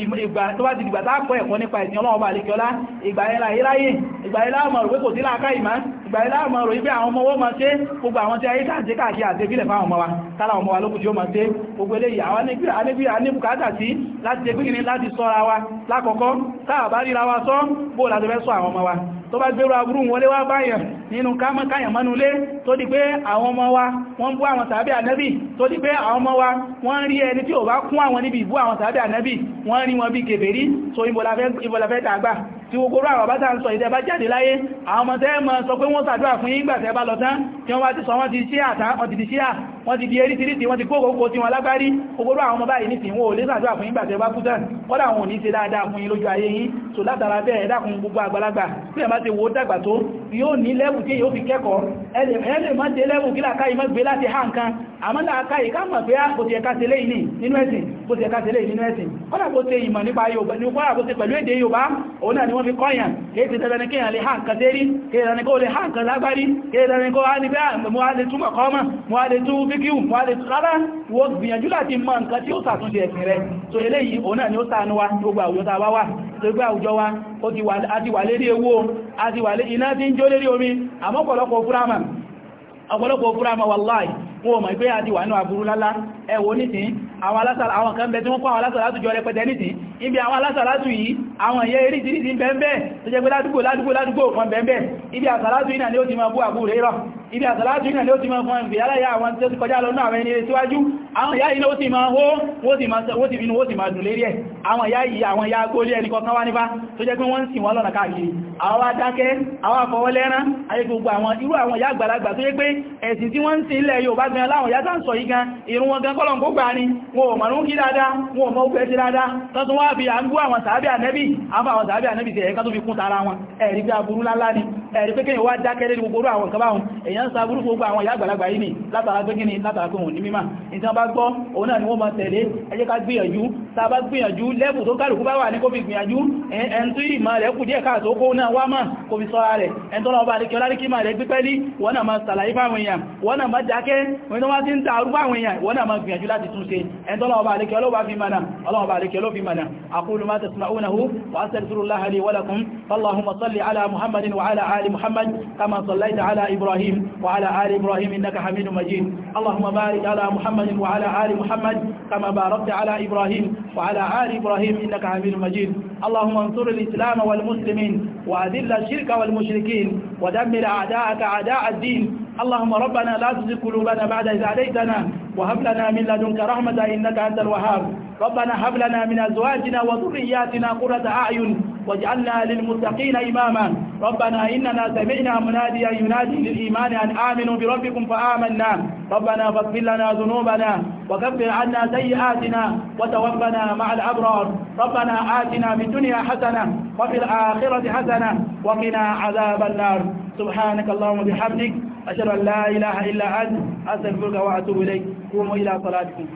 ìgbà tá kọ́ ẹ̀kọ́ nípa ìsìn ọlọ́ọ̀bà àlekíọlá ìgbà ẹ̀láyé ìgbà ẹ̀lá mọ̀ rò pé kò sí láàká ìmá ìgbà ilá àmọ́ ròyìn pé àwọn ọmọ wọ́n máa ṣe gbogbo àwọn tí ayé tàǹtí káàkiri àtẹ́bílẹ̀ fáwọn ọmọ wa tálà ọmọ wa lókù tí ó máa ṣe gbogbo eléyìí àwọn anébùkátà sí láti ṣe pínlẹ̀ láti sọ́ra wa lákọ̀ọ́kọ́ táà bá ríra wa sọ́ bóòlà tó fẹ́ sọ àwọn ọmọ wa tó bá gbérò aburú wọlé wá báyàn nínú káyàn mọ́nulé tó di pé àwọn ọmọ wa wọ́n bú àwọn tàbí ànẹ́bì tó di pé àwọn ọmọ wa wọ́n rí ẹni tí ò bá kún àwọn níbi ìbú àwọn tàbí ànẹ́bì wọ́n rí wọn bí kèbèrí so ìbọ̀làfẹ́ dàgbà tí gbogbo àwọn bá tàà ń sọ ìdẹ́bá jáde láyé àwọn ọmọ tẹ́ mọ́ sọ pé wọ́n ṣàdúrà fún yín gbàtẹ́ bá lọ tán tí wọ́n bá ti sọ wọ́n ti ṣíà tán wọ́n ti di ṣíà wọ́n ti di erí tí tí wọ́n ti kókòókò tí wọ́n lágbárí gbogbo àwọn ọmọ bá ti wo dàgbà tó yóò ní lẹ́wù tí yóò fi kẹ́kọ̀ọ́ ẹlẹ́ má dé lẹ́wù kí làkáyì má gbé láti hàn kan àmọ́ làkáyì ká mọ̀ pé ah, bó ti ẹ̀ká tẹ́lẹ̀ ìní nínú ẹ̀sìn bó ti ẹ̀ká tẹ́lẹ̀ nínú ẹ̀sìn kọ́nà bó ti ìmọ̀ nípa Yorùbá ní kọ́nà bó ti pẹ̀lú èdè Yorùbá òun náà ni wọ́n fi kọ́yàn kí ti tẹ́lẹ̀ kí èèyàn lè hàn kan tẹ́rí kí èèyàn kó lè hàn kan lágbárí kí èèyàn kó wá ní pé ah, mo wá lè túmọ̀ kọ́ mọ̀ mo wá lè tú fíkíù mo wá lè rárá wo gbìyànjú láti mọ nǹkan tí ó ṣàtúnṣe ẹ̀sìn rẹ̀ so eléyìí òun náà ni ó ṣàánú wa gbogbo àwùjọ ta wá wà gbogbo àwùjọ wa àti wà lérí ewó àti iná tí ń jó lérí omi àmọ́ ọ̀pọ̀lọpọ̀ fúrámà ọ̀pọ̀lọpọ̀ fúrámà wàláì wọn ò mọ̀ pé àti ní àbúrú lálá ẹ̀wọ̀ nìsín àwọn kan bẹ tí wọ́n kọ́ àwọn alásàlátù jọ rẹpẹtẹ nìtì ibi àwọn alásàlátù yìí àwọn èyẹ eré ìdírí ti bẹ́ẹ̀bẹ́ tó jẹ́ pé ládùgbò ládùgbò ládùgbò kan bẹ́ẹ̀bẹ́ ibi àsàlátù ìnà ni ó ti máa bú àbú rẹ̀ rọ̀ ibi àsàlátù ìnà ni ó ti máa fún ìgbé aláyà àwọn tí ó ti kọjá lọ náà ẹni rẹ̀ síwájú àwọn ìyá yìí ó ti máa hó wó ti inú ó ti máa dùn lérí ẹ̀ àwọn ìyá yìí àwọn ìyá agóolé ẹni kọ̀ọ̀kan wá nípa tó jẹ́ pé wọ́n ń sìn wọ́n lọ́nà káàkiri àwọn adákẹ́ àwọn afọwọ́lẹ́rán ayé gbogbo àwọn irú àwọn ìyá àgbàlagbà tó jẹ́ pé ẹ̀sìn tí wọ́n ń sìn ilẹ̀ Yorùbá gan láwọn ìyá tá sọ yìí gan irun wọn gan kọ́lọ̀ ń kó ni wọn ò mọ̀rún kí dáadáa wọn ò mọ̀ òfẹ́ sí dáadáa tó tún wá fi à ń gbọ́ àwọn sàábì ànẹ́bì àbá àwọn sàábì ànẹ́bì tẹ̀yẹ ká tó fi kún tara wọn ẹ̀rí pé aburú ńlá ní ẹ̀rí pé kéèyàn wá dákẹ́rẹ́ ní gbogbo àwọn nǹkan báwọn èèyàn ni látara pé kíni látara pé òun ní mímà ìtàn bá gbọ́ òun náà ni wọ́n máa tẹ̀lé ẹ jẹ́ ká gbìyànjú tá a bá gbìyànjú lẹ́bù tó kálukú bá wà ní kó fi gbìyànjú ẹn náà máa sàlàyé wọ́n náà máa ti ń ta arúgbó àwọn èèyàn wọ́n náà máa gbìyànjú láti túnṣe عند الله بارك لو في منا الله بارك له في منا أقول ما تسمعونه وأستغفر الله لي ولكم فاللهم صل على محمد وعلى آل محمد كما صليت على إبراهيم وعلى آل إبراهيم إنك حميد مجيد اللهم بارك على محمد وعلى آل محمد كما باركت على إبراهيم وعلى آل إبراهيم إنك حميد مجيد اللهم انصر الإسلام والمسلمين وأذل الشرك والمشركين ودمر أعداءك أعداء الدين اللهم ربنا لا تزغ قلوبنا بعد إذ هديتنا وهب لنا من لدنك رحمة إنك أنت الوهاب ربنا هب لنا من أزواجنا وذرياتنا قرة أعين واجعلنا للمتقين إماما ربنا إننا سمعنا مناديا ينادي للإيمان أن آمنوا بربكم فآمنا ربنا فاغفر لنا ذنوبنا وكفر عنا سيئاتنا وتوفنا مع الأبرار ربنا آتنا في الدنيا حسنة وفي الآخرة حسنة وقنا عذاب النار سبحانك اللهم وبحمدك أشهد أن لا إله إلا أنت أستغفرك وأتوب إليك قوموا إلى صلاتكم